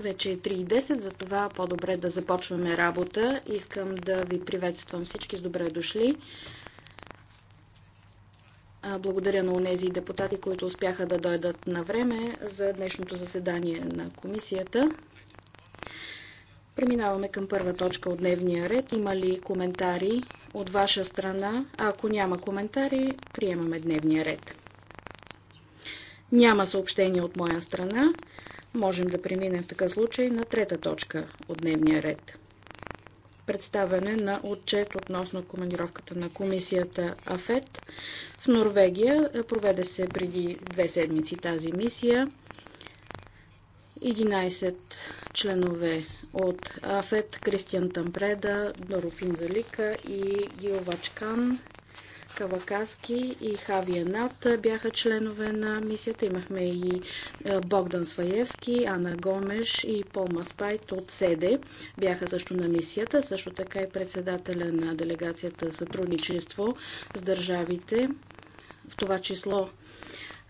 Вече е 3.10, затова по-добре да започваме работа. Искам да ви приветствам всички с добре дошли. Благодаря на унези депутати, които успяха да дойдат на време за днешното заседание на комисията. Преминаваме към първа точка от дневния ред. Има ли коментари от ваша страна? ако няма коментари, приемаме дневния ред. Няма съобщение от моя страна. Можем да преминем в такъв случай на трета точка от дневния ред. Представяне на отчет относно командировката на комисията АФЕТ в Норвегия. Проведе се преди две седмици тази мисия. 11 членове от АФЕТ, Кристиан Тампреда, Дорофин Залика и Гил Вачкан Кавакаски и Хавия Нат бяха членове на мисията. Имахме и е, Богдан Сваевски, Ана Гомеш и Пол Маспайт от СЕДЕ бяха също на мисията. Също така и председателя на делегацията сътрудничество с държавите, в това число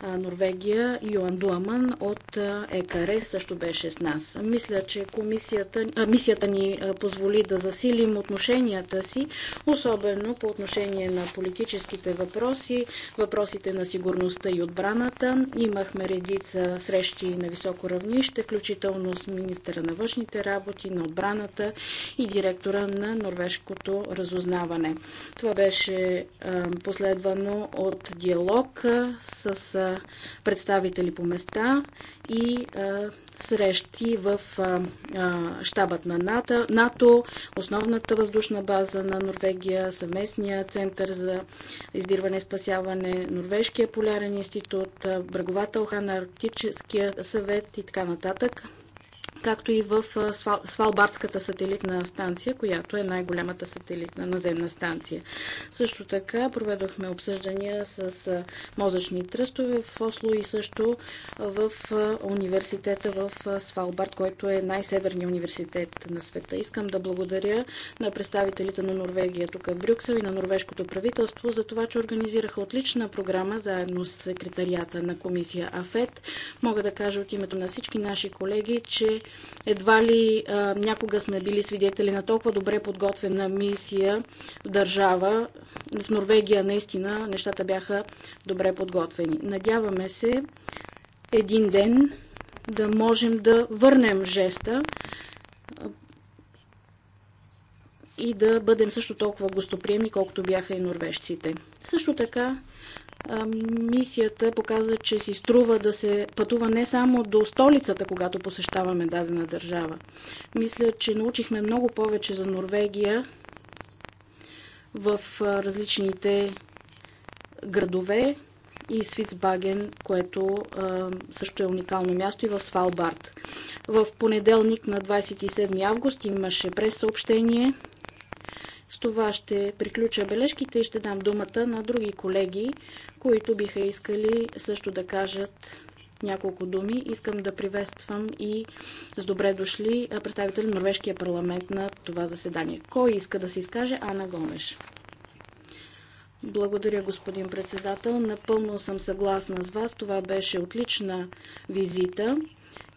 Норвегия Йоан Дуаман от ЕКАРЕ също беше с нас. Мисля, че комисията, мисията ни позволи да засилим отношенията си, особено по отношение на политическите въпроси, въпросите на сигурността и отбраната. Имахме редица срещи на високо равнище, включително с министъра на външните работи, на отбраната и директора на норвежкото разузнаване. Това беше последвано от диалог с представители по места и срещи в щабът на НАТО, НАТО, основната въздушна база на Норвегия, съвместния център за издирване и спасяване, Норвежкия полярен институт, бреговата охрана, Арктическия съвет и така нататък както и в Свалбардската сателитна станция, която е най-голямата сателитна наземна станция. Също така проведохме обсъждания с мозъчни тръстове в Осло и също в университета в Свалбард, който е най-северният университет на света. Искам да благодаря на представителите на Норвегия тук в Брюксел и на норвежкото правителство за това, че организираха отлична програма заедно с секретарията на комисия АФЕТ. Мога да кажа от името на всички наши колеги, че едва ли а, някога сме били свидетели на толкова добре подготвена мисия в държава. В Норвегия наистина нещата бяха добре подготвени. Надяваме се един ден да можем да върнем жеста и да бъдем също толкова гостоприемни, колкото бяха и норвежците. Също така мисията показа, че си струва да се пътува не само до столицата, когато посещаваме дадена държава. Мисля, че научихме много повече за Норвегия в различните градове и Свицбаген, което също е уникално място и в Свалбард. В понеделник на 27 август имаше прес съобщение с това ще приключа бележките и ще дам думата на други колеги, които биха искали също да кажат няколко думи. Искам да приветствам и с добре дошли представители на Норвежкия парламент на това заседание. Кой иска да се изкаже? Ана Гомеш. Благодаря, господин председател. Напълно съм съгласна с вас. Това беше отлична визита.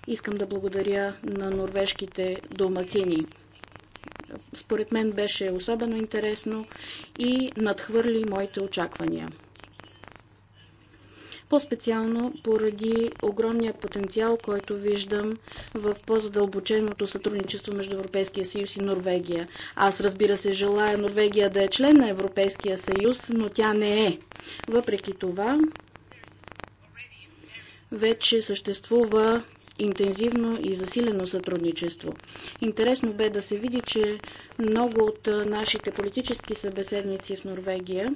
Искам да благодаря на норвежките домакини според мен беше особено интересно и надхвърли моите очаквания. По-специално поради огромния потенциал, който виждам в по-задълбоченото сътрудничество между Европейския съюз и Норвегия. Аз разбира се желая Норвегия да е член на Европейския съюз, но тя не е. Въпреки това, вече съществува интензивно и засилено сътрудничество. Интересно бе да се види, че много от нашите политически събеседници в Норвегия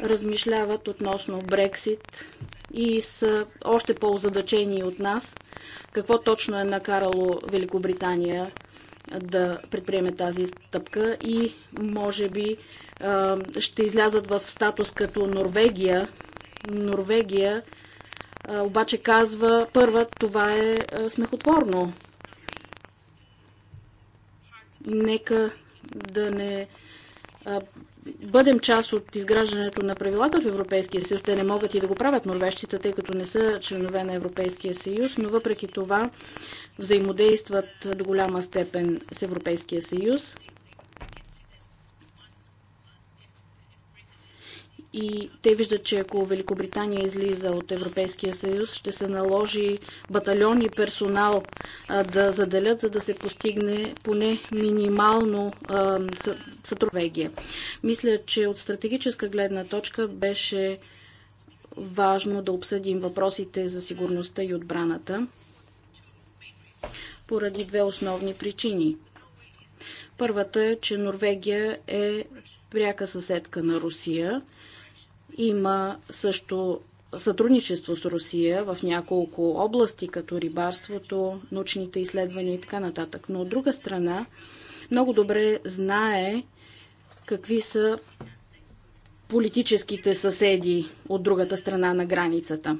размишляват относно Брексит и са още по задачени от нас какво точно е накарало Великобритания да предприеме тази стъпка и може би ще излязат в статус като Норвегия. Норвегия обаче казва първа, това е смехотворно. Нека да не бъдем част от изграждането на правилата в Европейския съюз. Те не могат и да го правят норвежците, тъй като не са членове на Европейския съюз, но въпреки това взаимодействат до голяма степен с Европейския съюз. И те виждат, че ако Великобритания излиза от Европейския съюз, ще се наложи батальон и персонал да заделят, за да се постигне поне минимално сътрудничество. Мисля, че от стратегическа гледна точка беше важно да обсъдим въпросите за сигурността и отбраната поради две основни причини. Първата е, че Норвегия е пряка съседка на Русия има също сътрудничество с Русия в няколко области, като рибарството, научните изследвания и така нататък. Но от друга страна, много добре знае какви са политическите съседи от другата страна на границата.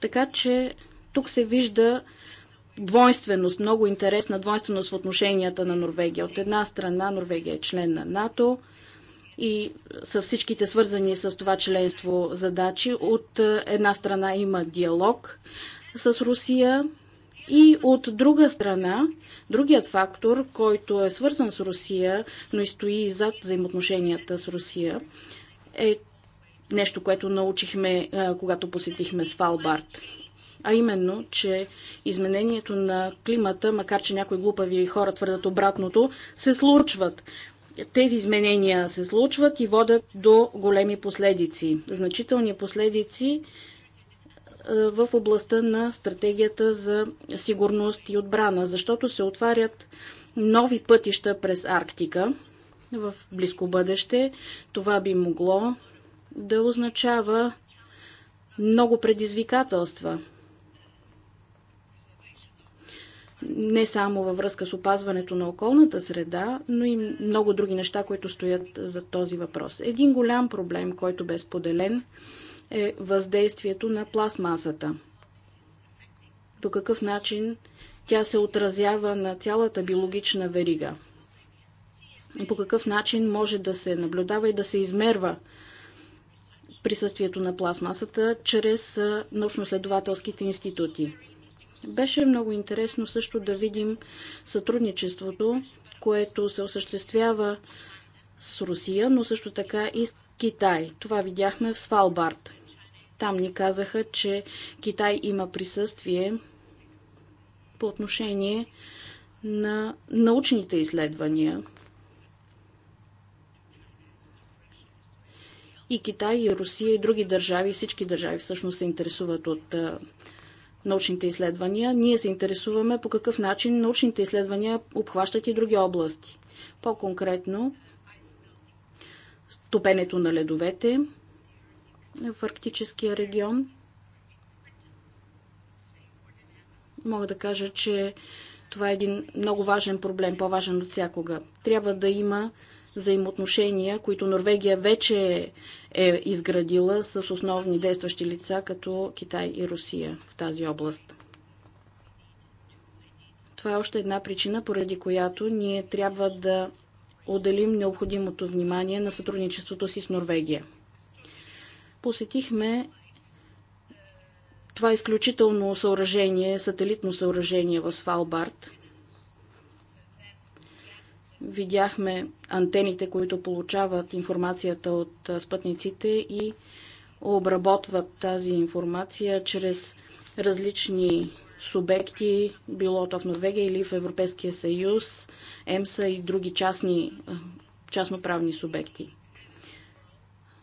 Така че тук се вижда двойственост, много интересна двойственост в отношенията на Норвегия. От една страна Норвегия е член на НАТО, и с всичките свързани с това членство задачи. От е, една страна има диалог с Русия и от друга страна, другият фактор, който е свързан с Русия, но и стои зад взаимоотношенията с Русия, е нещо, което научихме, е, когато посетихме Свалбард. А именно, че изменението на климата, макар че някои глупави хора твърдат обратното, се случват тези изменения се случват и водят до големи последици, значителни последици е, в областта на стратегията за сигурност и отбрана, защото се отварят нови пътища през Арктика в близко бъдеще. Това би могло да означава много предизвикателства не само във връзка с опазването на околната среда, но и много други неща, които стоят за този въпрос. Един голям проблем, който бе споделен, е въздействието на пластмасата. По какъв начин тя се отразява на цялата биологична верига? По какъв начин може да се наблюдава и да се измерва присъствието на пластмасата чрез научно-следователските институти? Беше много интересно също да видим сътрудничеството, което се осъществява с Русия, но също така и с Китай. Това видяхме в Свалбард. Там ни казаха, че Китай има присъствие по отношение на научните изследвания. И Китай, и Русия, и други държави, всички държави всъщност се интересуват от научните изследвания, ние се интересуваме по какъв начин научните изследвания обхващат и други области. По-конкретно, стопенето на ледовете в арктическия регион. Мога да кажа, че това е един много важен проблем, по-важен от всякога. Трябва да има взаимоотношения, които Норвегия вече е изградила с основни действащи лица, като Китай и Русия в тази област. Това е още една причина, поради която ние трябва да отделим необходимото внимание на сътрудничеството си с Норвегия. Посетихме това изключително съоръжение, сателитно съоръжение в Свалбард, видяхме антените, които получават информацията от спътниците и обработват тази информация чрез различни субекти, било то в Норвегия или в Европейския съюз, ЕМСА и други частни, частноправни субекти.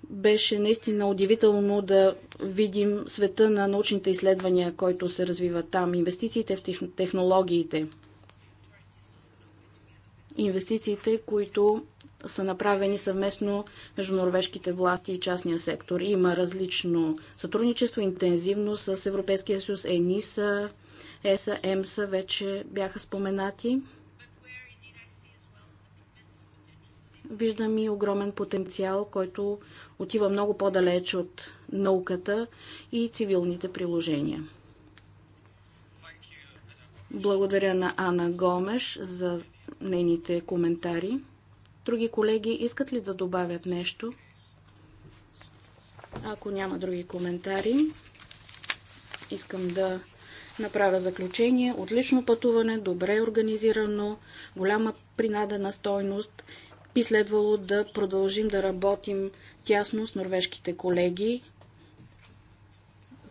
Беше наистина удивително да видим света на научните изследвания, който се развива там, инвестициите в технологиите – инвестициите, които са направени съвместно между норвежките власти и частния сектор. Има различно сътрудничество, интензивно с Европейския съюз, ЕНИСА, ЕСА, ЕМСА вече бяха споменати. Виждам и огромен потенциал, който отива много по-далеч от науката и цивилните приложения. Благодаря на Ана Гомеш за нейните коментари. Други колеги искат ли да добавят нещо? Ако няма други коментари, искам да направя заключение. Отлично пътуване, добре организирано, голяма принадена стойност. Би следвало да продължим да работим тясно с норвежките колеги,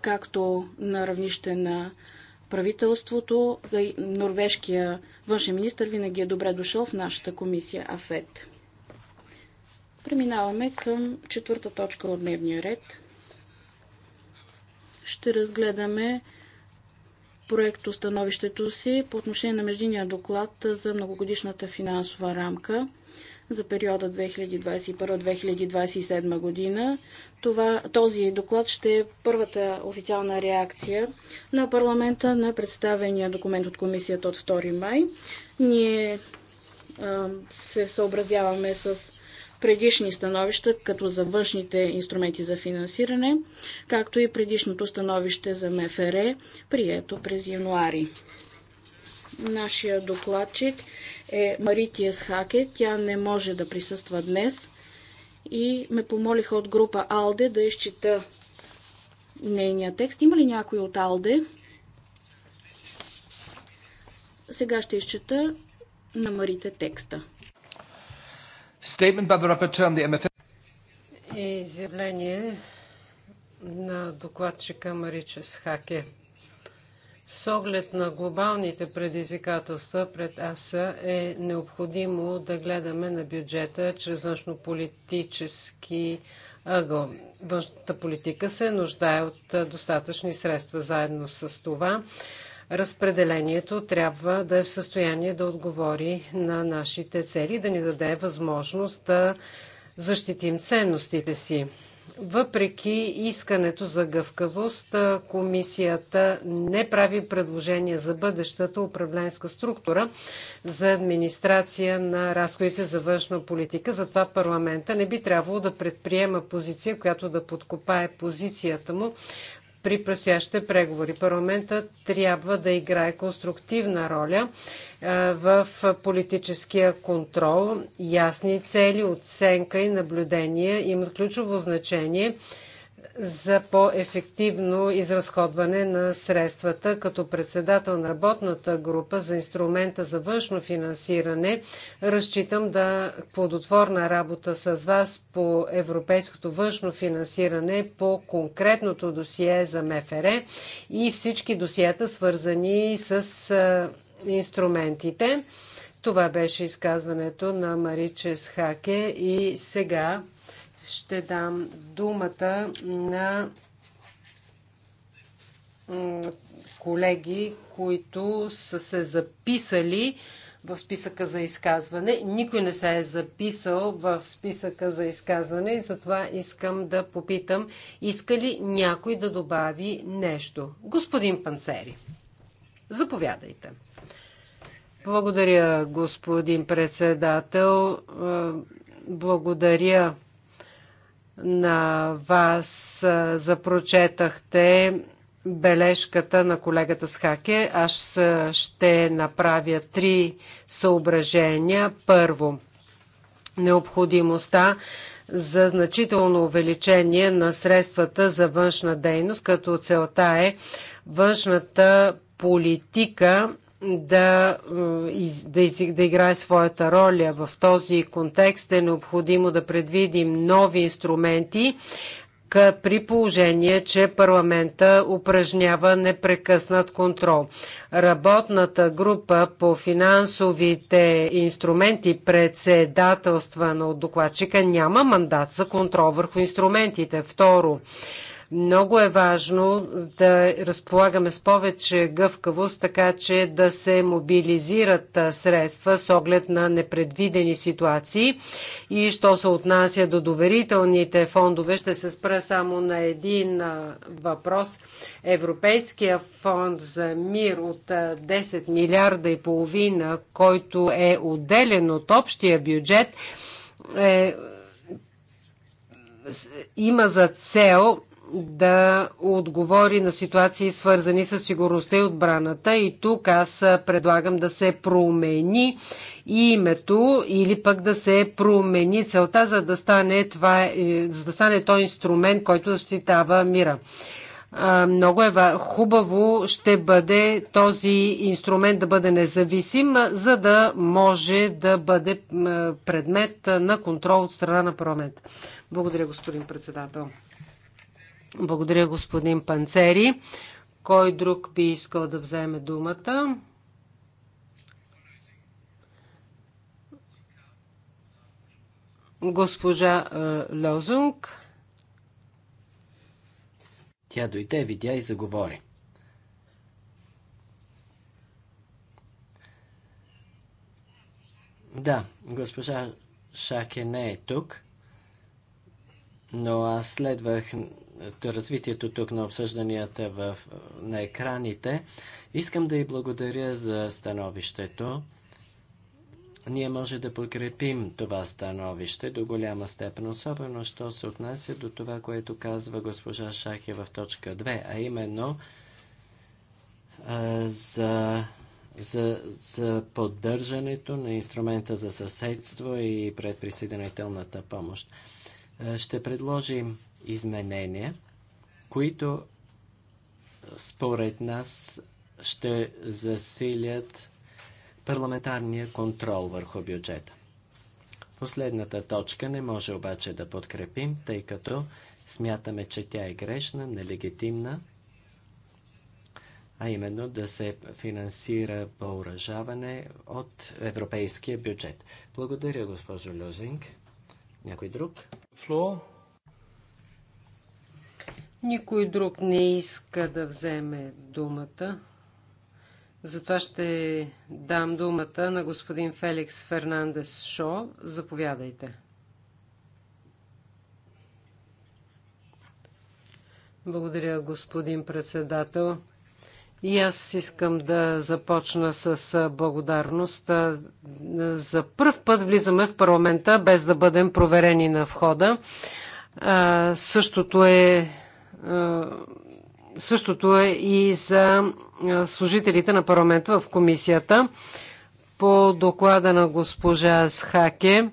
както на равнище на правителството, норвежкия външен министр винаги е добре дошъл в нашата комисия АФЕД. Преминаваме към четвърта точка от дневния ред. Ще разгледаме проекто становището си по отношение на междиния доклад за многогодишната финансова рамка – за периода 2021-2027 година. Това, този доклад ще е първата официална реакция на парламента на представения документ от комисията от 2 май. Ние а, се съобразяваме с предишни становища, като за външните инструменти за финансиране, както и предишното становище за МФР, прието през януари. Нашия докладчик е Марития Схаке. Тя не може да присъства днес и ме помолиха от група Алде да изчита нейния текст. Има ли някой от Алде? Сега ще изчета на Марите текста. Statement by the rapporteur on the Изявление на докладчика Маричес Хаке. С оглед на глобалните предизвикателства пред АС е необходимо да гледаме на бюджета чрез външнополитически ъгъл. Външната политика се нуждае от достатъчни средства. Заедно с това разпределението трябва да е в състояние да отговори на нашите цели, да ни даде възможност да защитим ценностите си. Въпреки искането за гъвкавост, комисията не прави предложение за бъдещата управленска структура за администрация на разходите за външна политика. Затова парламента не би трябвало да предприема позиция, която да подкопае позицията му при предстоящите преговори. парламента трябва да играе конструктивна роля е, в политическия контрол. Ясни цели, оценка и наблюдение имат ключово значение за по-ефективно изразходване на средствата. Като председател на работната група за инструмента за външно финансиране, разчитам да плодотворна работа с вас по европейското външно финансиране по конкретното досие за МФР и всички досиета, свързани с инструментите. Това беше изказването на Маричес Хаке и сега ще дам думата на колеги, които са се записали в списъка за изказване. Никой не се е записал в списъка за изказване и затова искам да попитам, иска ли някой да добави нещо? Господин Панцери, заповядайте. Благодаря, господин председател. Благодаря на вас запрочетахте бележката на колегата с Хаке. Аз ще направя три съображения. Първо, необходимостта за значително увеличение на средствата за външна дейност, като целта е външната политика да, да, да играе своята роля. В този контекст е необходимо да предвидим нови инструменти, при положение, че парламента упражнява непрекъснат контрол. Работната група по финансовите инструменти, председателства на докладчика, няма мандат за контрол върху инструментите. Второ, много е важно да разполагаме с повече гъвкавост, така че да се мобилизират средства с оглед на непредвидени ситуации. И що се отнася до доверителните фондове, ще се спра само на един въпрос. Европейския фонд за мир от 10 милиарда и половина, който е отделен от общия бюджет, е, има за цел да отговори на ситуации свързани с сигурността и отбраната. И тук аз предлагам да се промени името или пък да се промени целта, за да стане, това, е, за да стане то инструмент, който защитава мира много е хубаво ще бъде този инструмент да бъде независим, за да може да бъде предмет на контрол от страна на парламент. Благодаря, господин председател. Благодаря, господин Панцери. Кой друг би искал да вземе думата? Госпожа е, Лозунг. Тя дойде, видя и заговори. Да, госпожа Шаке не е тук, но аз следвах е, развитието тук на обсъжданията в, е, на екраните. Искам да и благодаря за становището. Ние може да подкрепим това становище до голяма степен, особено що се отнася до това, което казва госпожа Шахи в точка 2, а именно а, е, за за, за поддържането на инструмента за съседство и предприсъединителната помощ. Ще предложим изменения, които според нас ще засилят парламентарния контрол върху бюджета. Последната точка не може обаче да подкрепим, тъй като смятаме, че тя е грешна, нелегитимна, а именно да се финансира въоръжаване от европейския бюджет. Благодаря, госпожо Люзинг. Някой друг? Фло? Никой друг не иска да вземе думата. Затова ще дам думата на господин Феликс Фернандес Шо. Заповядайте. Благодаря, господин председател. И аз искам да започна с благодарност. За първ път влизаме в парламента без да бъдем проверени на входа. същото е е, същото е и за е, служителите на парламента в комисията. По доклада на госпожа Схаке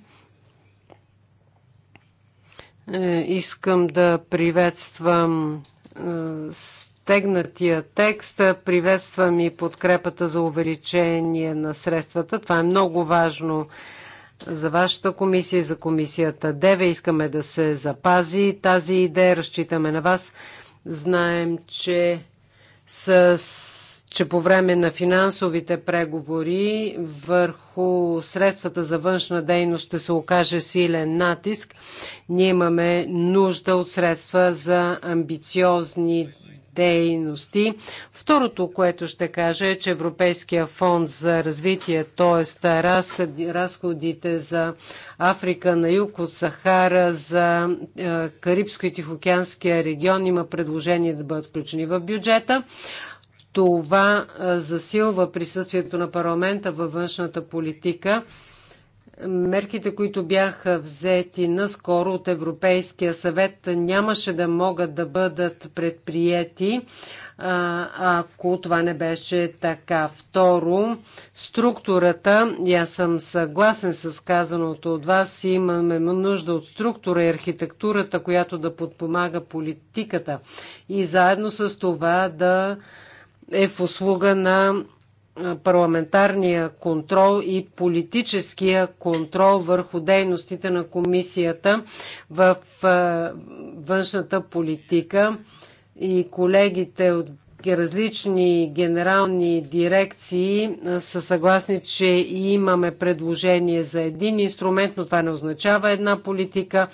е, искам да приветствам стегнатия текст. Приветствам и подкрепата за увеличение на средствата. Това е много важно за вашата комисия и за комисията ДЕВЕ. Искаме да се запази тази идея. Разчитаме на вас. Знаем, че с че по време на финансовите преговори върху средствата за външна дейност ще се окаже силен натиск. Ние имаме нужда от средства за амбициозни дейности. Второто, което ще кажа е, че Европейския фонд за развитие, т.е. разходите за Африка на юг от Сахара, за е, Карибско и Тихоокеанския регион има предложение да бъдат включени в бюджета. Това е, засилва присъствието на парламента във външната политика мерките, които бяха взети наскоро от Европейския съвет, нямаше да могат да бъдат предприяти, ако това не беше така. Второ, структурата, и аз съм съгласен с казаното от вас, имаме нужда от структура и архитектурата, която да подпомага политиката и заедно с това да е в услуга на парламентарния контрол и политическия контрол върху дейностите на комисията в външната политика. И колегите от различни генерални дирекции са съгласни, че имаме предложение за един инструмент, но това не означава една политика,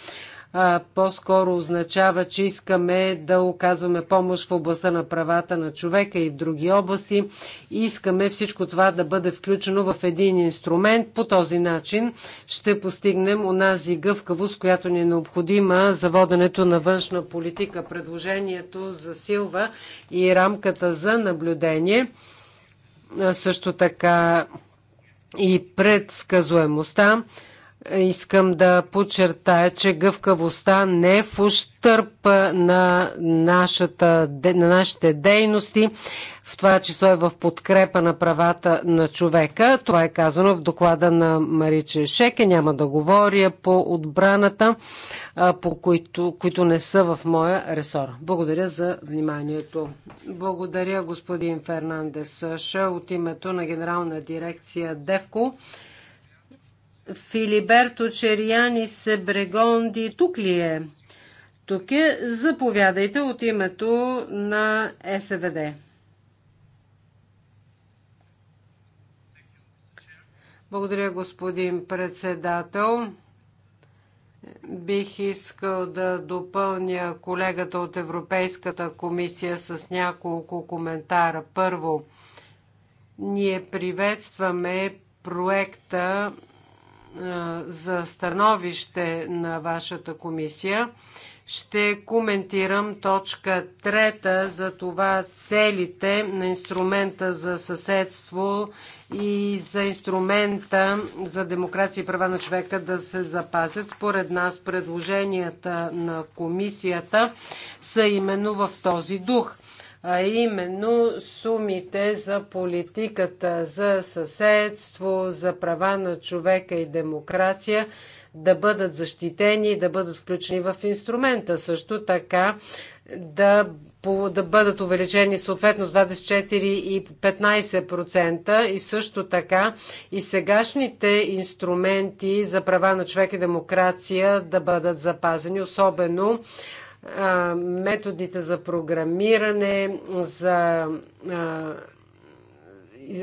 по-скоро означава, че искаме да оказваме помощ в областта на правата на човека и в други области. Искаме всичко това да бъде включено в един инструмент. По този начин ще постигнем онази гъвкавост, която ни е необходима за воденето на външна политика. Предложението за Силва и рамката за наблюдение. Също така и предсказуемостта искам да подчертая, че гъвкавостта не е в ущърп на, нашата, на нашите дейности, в това число е в подкрепа на правата на човека. Това е казано в доклада на Мариче Шеке. Няма да говоря по отбраната, по които, които не са в моя ресор. Благодаря за вниманието. Благодаря господин Фернандес Ша от името на генерална дирекция ДЕВКО. Филиберто Черияни Себрегонди тук ли е? Тук е. Заповядайте от името на СВД. Благодаря, господин председател. Бих искал да допълня колегата от Европейската комисия с няколко коментара. Първо, ние приветстваме проекта за становище на вашата комисия. Ще коментирам точка трета за това целите на инструмента за съседство и за инструмента за демокрация и права на човека да се запазят. Според нас предложенията на комисията са именно в този дух – а именно сумите за политиката за съседство, за права на човека и демокрация да бъдат защитени и да бъдат включени в инструмента. Също така да, да бъдат увеличени съответно с 24 и 15% и също така и сегашните инструменти за права на човек и демокрация да бъдат запазени, особено методите за програмиране, за,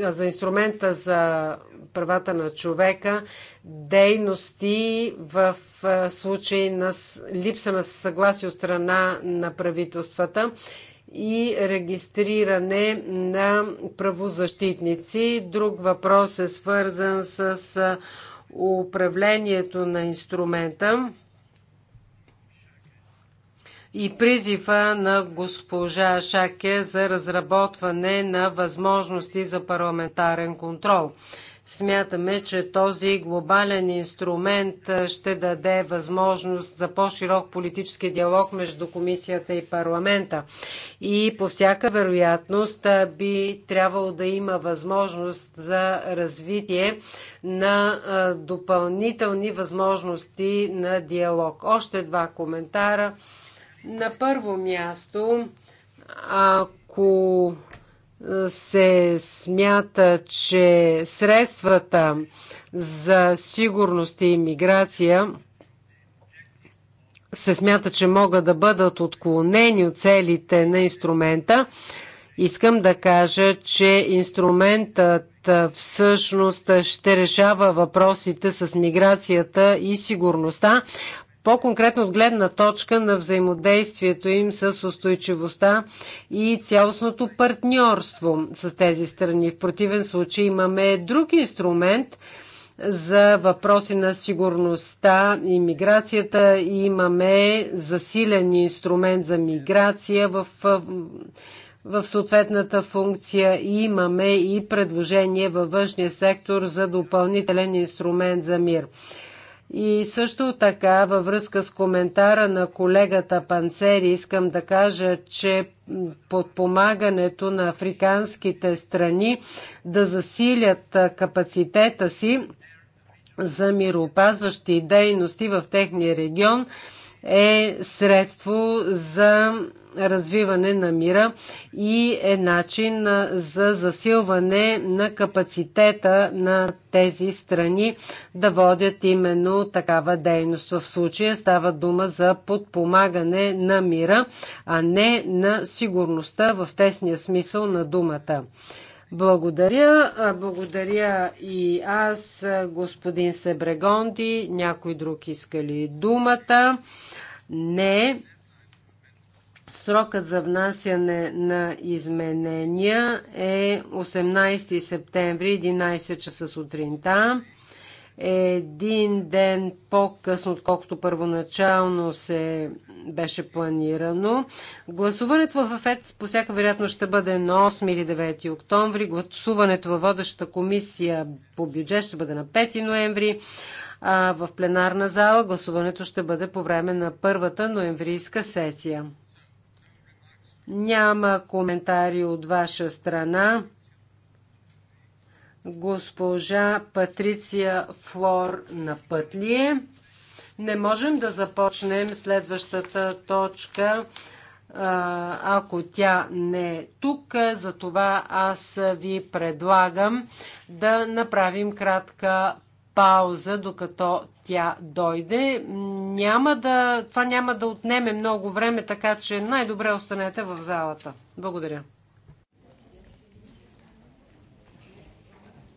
за инструмента за правата на човека, дейности в случай на липса на съгласие от страна на правителствата и регистриране на правозащитници. Друг въпрос е свързан с управлението на инструмента и призива на госпожа Шаке за разработване на възможности за парламентарен контрол. Смятаме, че този глобален инструмент ще даде възможност за по-широк политически диалог между комисията и парламента. И по всяка вероятност би трябвало да има възможност за развитие на допълнителни възможности на диалог. Още два коментара на първо място, ако се смята, че средствата за сигурност и миграция се смята, че могат да бъдат отклонени от целите на инструмента, искам да кажа, че инструментът всъщност ще решава въпросите с миграцията и сигурността по-конкретно от гледна точка на взаимодействието им с устойчивостта и цялостното партньорство с тези страни. В противен случай имаме друг инструмент за въпроси на сигурността и миграцията. имаме засилен инструмент за миграция в, в съответната функция. И имаме и предложение във външния сектор за допълнителен инструмент за мир. И също така, във връзка с коментара на колегата Панцери, искам да кажа, че подпомагането на африканските страни да засилят капацитета си за мироопазващи дейности в техния регион е средство за развиване на мира и е начин за засилване на капацитета на тези страни да водят именно такава дейност. В случая става дума за подпомагане на мира, а не на сигурността в тесния смисъл на думата. Благодаря. Благодаря и аз, господин Себрегонди. Някой друг иска ли думата? Не. Срокът за внасяне на изменения е 18 септември, 11 часа сутринта. Един ден по-късно, отколкото първоначално се беше планирано. Гласуването в ЕФЕД по всяка вероятност ще бъде на 8 или 9 октомври. Гласуването във водещата комисия по бюджет ще бъде на 5 ноември. А в пленарна зала гласуването ще бъде по време на първата ноемврийска сесия. Няма коментари от ваша страна. Госпожа Патриция Флор на Пътлие. Не можем да започнем следващата точка, ако тя не е тук. Затова аз ви предлагам да направим кратка пауза, докато тя дойде. Няма да, това няма да отнеме много време, така че най-добре останете в залата. Благодаря.